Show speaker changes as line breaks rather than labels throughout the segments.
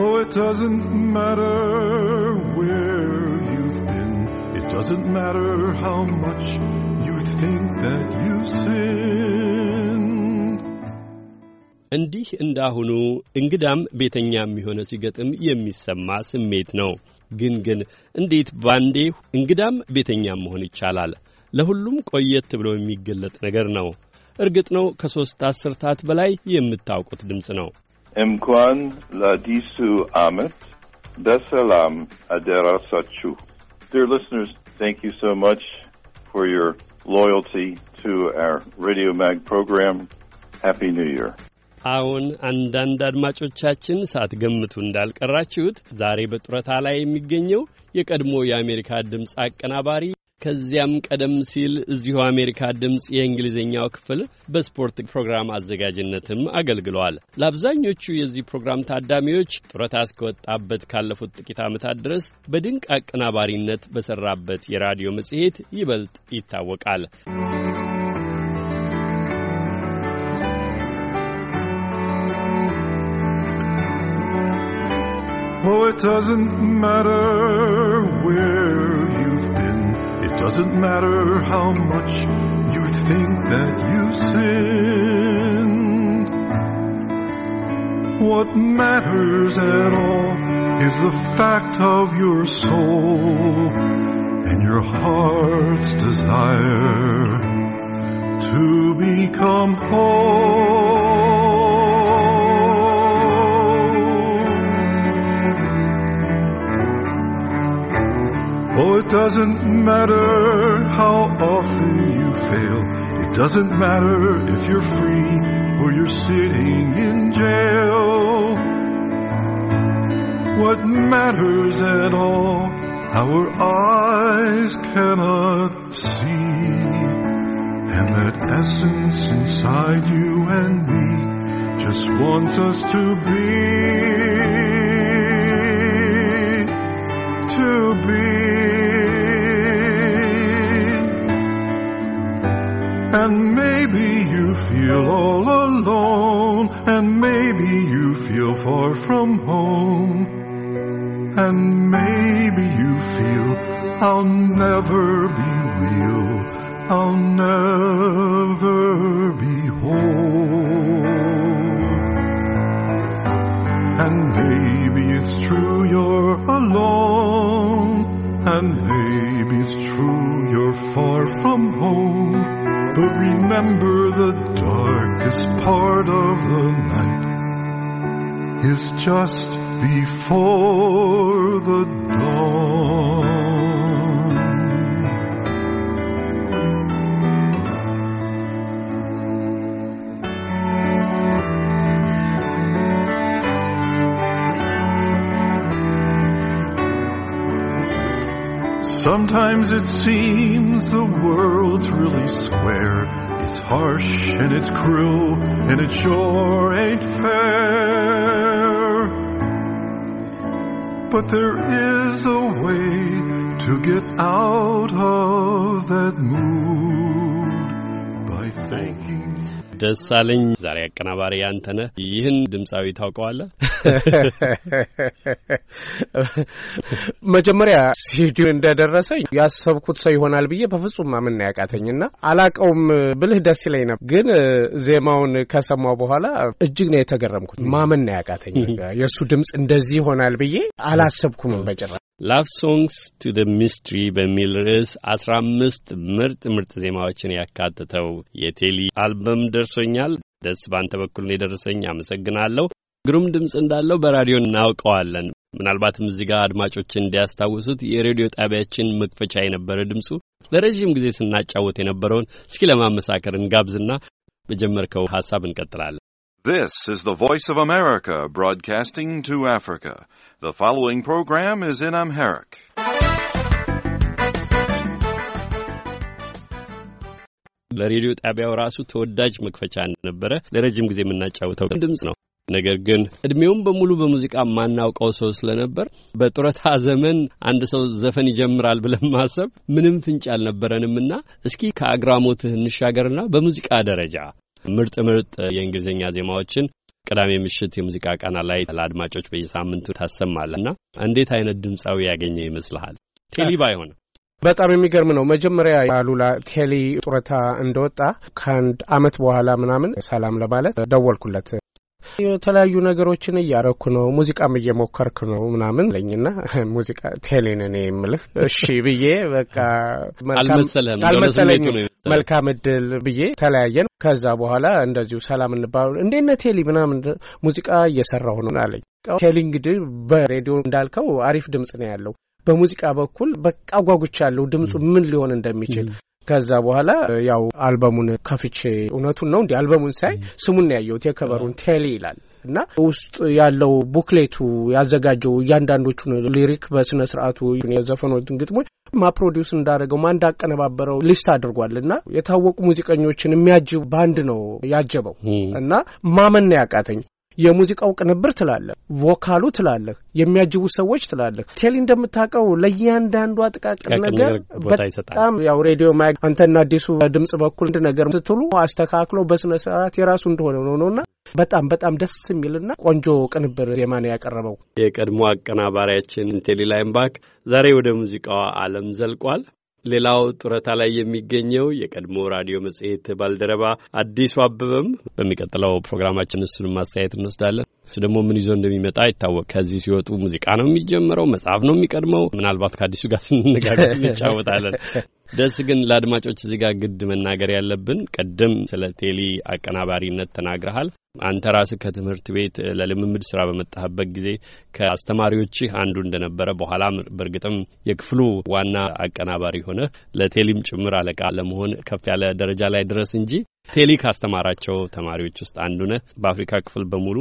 Oh, it doesn't matter where you've been, it doesn't matter how much you think that you've sinned.
እንዲህ እንዳሁኑ እንግዳም ቤተኛ የሚሆነ ሲገጥም የሚሰማ ስሜት ነው። ግን ግን እንዴት ባንዴ እንግዳም ቤተኛ መሆን ይቻላል? ለሁሉም ቆየት ብሎ የሚገለጥ ነገር ነው። እርግጥ ነው ከሦስት አስርታት በላይ የምታውቁት ድምፅ ነው።
Mkwan Ladisu Amit. Besalam Adera Sachu. Dear listeners, thank you so much for your loyalty to our Radio Mag program. Happy New Year.
አሁን አንዳንድ አድማጮቻችን ሳትገምቱ እንዳልቀራችሁት ዛሬ በጡረታ ላይ የሚገኘው የቀድሞ የአሜሪካ ድምፅ አቀናባሪ ከዚያም ቀደም ሲል እዚሁ አሜሪካ ድምፅ የእንግሊዝኛው ክፍል በስፖርት ፕሮግራም አዘጋጅነትም አገልግሏል። ለአብዛኞቹ የዚህ ፕሮግራም ታዳሚዎች ጡረታ እስከወጣበት ካለፉት ጥቂት ዓመታት ድረስ በድንቅ አቀናባሪነት በሰራበት የራዲዮ መጽሔት ይበልጥ ይታወቃል።
Oh, it doesn't matter where Doesn't matter how much you think that you sin. What matters at all is the fact of your soul and your heart's desire to become whole. it doesn't matter how often you fail. It doesn't matter if you're free or you're sitting in jail. What matters at all, our eyes cannot see. And that essence inside you and me just wants us to be, to be. And maybe you feel all alone, and maybe you feel far from home, and maybe you feel I'll never be real, I'll never be whole. And maybe it's true you're alone, and maybe it's true you're far from home remember the darkest part of the night is just before the dawn. Sometimes it seems the world's really square. It's harsh and it's cruel and it sure ain't fair. But there is a way to get out of that mood by thanking
ደሳለኝ ዛሬ አቀናባሪ አንተነህ ይህን ድምፃዊ ታውቀዋለህ?
መጀመሪያ ሲዲ እንደደረሰኝ ያሰብኩት ሰው ይሆናል ብዬ በፍጹም ማመን ያቃተኝና አላቀውም ብልህ ደስ ይለኝ ነበር፣ ግን ዜማውን ከሰማው በኋላ እጅግ ነው የተገረምኩት። ማመን ያቃተኝ የእሱ ድምፅ እንደዚህ ይሆናል ብዬ አላሰብኩም በጭራ።
ላቭ ሶንግስ ቱ ደ ሚስትሪ በሚል ርዕስ አስራ አምስት ምርጥ ምርጥ ዜማዎችን ያካትተው የቴሊ አልበም ደርሶኛል። ደስ ባንተ በኩል ነው የደረሰኝ። አመሰግናለሁ። ግሩም ድምፅ እንዳለው በራዲዮ እናውቀዋለን። ምናልባትም እዚህ ጋር አድማጮችን እንዲያስታውሱት የሬዲዮ ጣቢያችን መክፈቻ የነበረ ድምፁ ለረዥም ጊዜ ስናጫወት የነበረውን እስኪ ለማመሳከር እንጋብዝና በጀመርከው ሀሳብ
እንቀጥላለን። This is the voice of America broadcasting to Africa. The following program is in Amharic.
ለሬዲዮ ጣቢያው ራሱ ተወዳጅ መክፈቻ እንደነበረ ለረጅም ጊዜ የምናጫወተው ድምፅ ነው። ነገር ግን እድሜውን በሙሉ በሙዚቃ የማናውቀው ሰው ስለነበር በጡረታ ዘመን አንድ ሰው ዘፈን ይጀምራል ብለን ማሰብ ምንም ፍንጭ አልነበረንም እና እስኪ ከአግራሞትህ እንሻገርና በሙዚቃ ደረጃ ምርጥ ምርጥ የእንግሊዝኛ ዜማዎችን ቅዳሜ ምሽት የሙዚቃ ቃና ላይ ለአድማጮች በየሳምንቱ ታሰማለህ እና እንዴት አይነት ድምፃዊ ያገኘ ይመስልሃል? ቴሊ ባይሆን
በጣም የሚገርም ነው። መጀመሪያ ያሉላ ቴሊ ጡረታ እንደወጣ ከአንድ አመት በኋላ ምናምን ሰላም ለማለት ደወልኩለት የተለያዩ ነገሮችን እያረኩ ነው፣ ሙዚቃም እየሞከርክ ነው ምናምን ለኝና ሙዚቃ ቴሌን እኔ የምልህ እሺ ብዬ በቃ አልመሰለኝም። መልካም እድል ብዬ ተለያየን። ከዛ በኋላ እንደዚሁ ሰላም እንባል እንዴት ነህ ቴሊ ምናምን ሙዚቃ እየሰራሁ ነው አለኝ። ቴሊ እንግዲህ በሬዲዮ እንዳልከው አሪፍ ድምጽ ነው ያለው። በሙዚቃ በኩል በቃ ጓጉቻ ያለው ድምፁ ምን ሊሆን እንደሚችል ከዛ በኋላ ያው አልበሙን ከፍቼ እውነቱን ነው እንዲ አልበሙን ሳይ ስሙን ያየሁት የከበሩን ቴሌ ይላል እና ውስጥ ያለው ቡክሌቱ ያዘጋጀው እያንዳንዶቹን ሊሪክ በስነ ስርአቱ የዘፈኖትን ግጥሞች ማ ፕሮዲውስ እንዳደረገው ማ እንዳቀነባበረው ሊስት አድርጓል እና የታወቁ ሙዚቀኞችን የሚያጅብ ባንድ ነው ያጀበው እና ማመን ያቃተኝ የሙዚቃው ቅንብር ትላለህ፣ ቮካሉ ትላለህ፣ የሚያጅቡ ሰዎች ትላለህ። ቴሊ እንደምታውቀው ለእያንዳንዱ አጥቃቅን ነገር በጣም ያው ሬዲዮ ማ አንተና አዲሱ ድምጽ በኩል እንድ ነገር ስትሉ አስተካክሎ በስነ ስርዓት የራሱ እንደሆነ ነው ነውና በጣም በጣም ደስ የሚልና ቆንጆ ቅንብር ዜማ ነው ያቀረበው።
የቀድሞ አቀናባሪያችን ቴሊ ላይምባክ ዛሬ ወደ ሙዚቃዋ ዓለም ዘልቋል። ሌላው ጡረታ ላይ የሚገኘው የቀድሞ ራዲዮ መጽሔት ባልደረባ አዲሱ አበበም በሚቀጥለው ፕሮግራማችን እሱንም ማስተያየት እንወስዳለን። እሱ ደግሞ ምን ይዞ እንደሚመጣ ይታወቅ። ከዚህ ሲወጡ ሙዚቃ ነው የሚጀምረው፣ መጽሐፍ ነው የሚቀድመው። ምናልባት ከአዲሱ ጋር ስንነጋገር እንጫወታለን። ደስ ግን ለአድማጮች እዚህ ጋር ግድ መናገር ያለብን ቅድም ስለ ቴሊ አቀናባሪነት ተናግረሃል። አንተ ራስህ ከትምህርት ቤት ለልምምድ ስራ በመጣህበት ጊዜ ከአስተማሪዎችህ አንዱ እንደነበረ በኋላ በእርግጥም የክፍሉ ዋና አቀናባሪ ሆነህ ለቴሊም ጭምር አለቃ ለመሆን ከፍ ያለ ደረጃ ላይ ድረስ እንጂ ቴሊ ካስተማራቸው ተማሪዎች ውስጥ አንዱ ነህ። በአፍሪካ ክፍል በሙሉ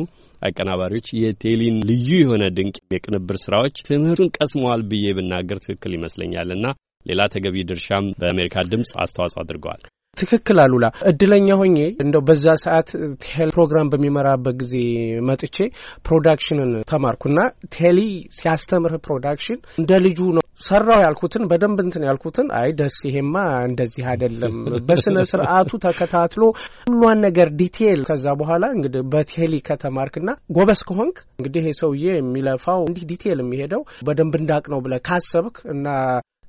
አቀናባሪዎች የቴሊን ልዩ የሆነ ድንቅ የቅንብር ስራዎች ትምህርቱን ቀስመዋል ብዬ ብናገር ትክክል ይመስለኛልና ሌላ ተገቢ ድርሻም በአሜሪካ ድምፅ አስተዋጽኦ አድርገዋል።
ትክክል አሉላ፣ እድለኛ ሆኜ እንደው በዛ ሰዓት ቴሌ ፕሮግራም በሚመራበት ጊዜ መጥቼ ፕሮዳክሽንን ተማርኩና ቴሊ ሲያስተምርህ ፕሮዳክሽን እንደ ልጁ ነው ሰራው ያልኩትን በደንብ እንትን ያልኩትን አይ ደስ ይሄማ እንደዚህ አይደለም፣ በስነ ስርዓቱ ተከታትሎ ሁሏን ነገር ዲቴል። ከዛ በኋላ እንግዲህ በቴሊ ከተማርክና ጎበስ ከሆንክ እንግዲህ ይሄ ሰውዬ የሚለፋው እንዲህ ዲቴል የሚሄደው በደንብ እንዳቅ ነው ብለህ ካሰብክ እና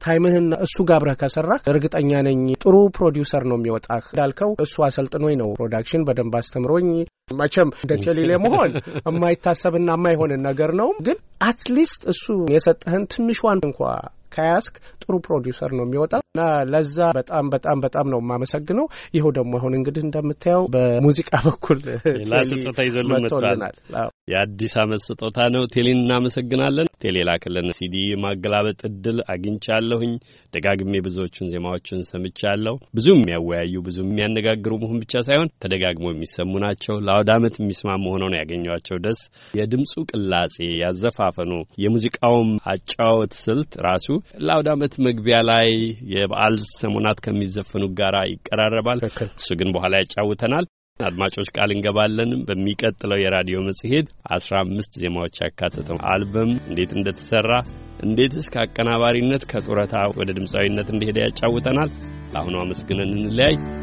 ታይምህን እሱ ጋር አብረህ ከሰራህ እርግጠኛ ነኝ ጥሩ ፕሮዲውሰር ነው የሚወጣህ። እንዳልከው እሱ አሰልጥኖኝ ነው ፕሮዳክሽን በደንብ አስተምሮኝ። መቼም እንደ ቴሌሌ መሆን የማይታሰብና የማይሆንን ነገር ነው፣ ግን አትሊስት እሱ የሰጠህን ትንሿን እንኳ ከያስክ ጥሩ ፕሮዲውሰር ነው የሚወጣ እና ለዛ በጣም በጣም በጣም ነው የማመሰግነው። ይኸው ደግሞ አሁን እንግዲህ እንደምታየው በሙዚቃ በኩል ሌላ ስጦታ ይዞልን
የአዲስ አመት ስጦታ ነው። ቴሌን እናመሰግናለን። ቴሌ ላክልን ሲዲ ማገላበጥ እድል አግኝቻለሁኝ። ደጋግሜ ብዙዎቹን ዜማዎችን ሰምቻለሁ። ብዙ የሚያወያዩ ብዙ የሚያነጋግሩ መሆን ብቻ ሳይሆን ተደጋግሞ የሚሰሙ ናቸው። ለአውደ ዓመት የሚስማሙ ሆነው ነው ያገኟቸው። ደስ የድምፁ ቅላጼ፣ ያዘፋፈኑ፣ የሙዚቃውም አጫወት ስልት ራሱ ለአውድ አመት መግቢያ ላይ የበዓል ሰሞናት ከሚዘፈኑ ጋራ ይቀራረባል። እሱ ግን በኋላ ያጫውተናል። አድማጮች ቃል እንገባለን። በሚቀጥለው የራዲዮ መጽሔት አስራ አምስት ዜማዎች ያካተተው አልበም እንዴት እንደተሰራ እንዴትስ ከአቀናባሪነት ከጡረታ ወደ ድምፃዊነት እንደሄደ ያጫውተናል። ለአሁኑ አመስግነን እንለያይ።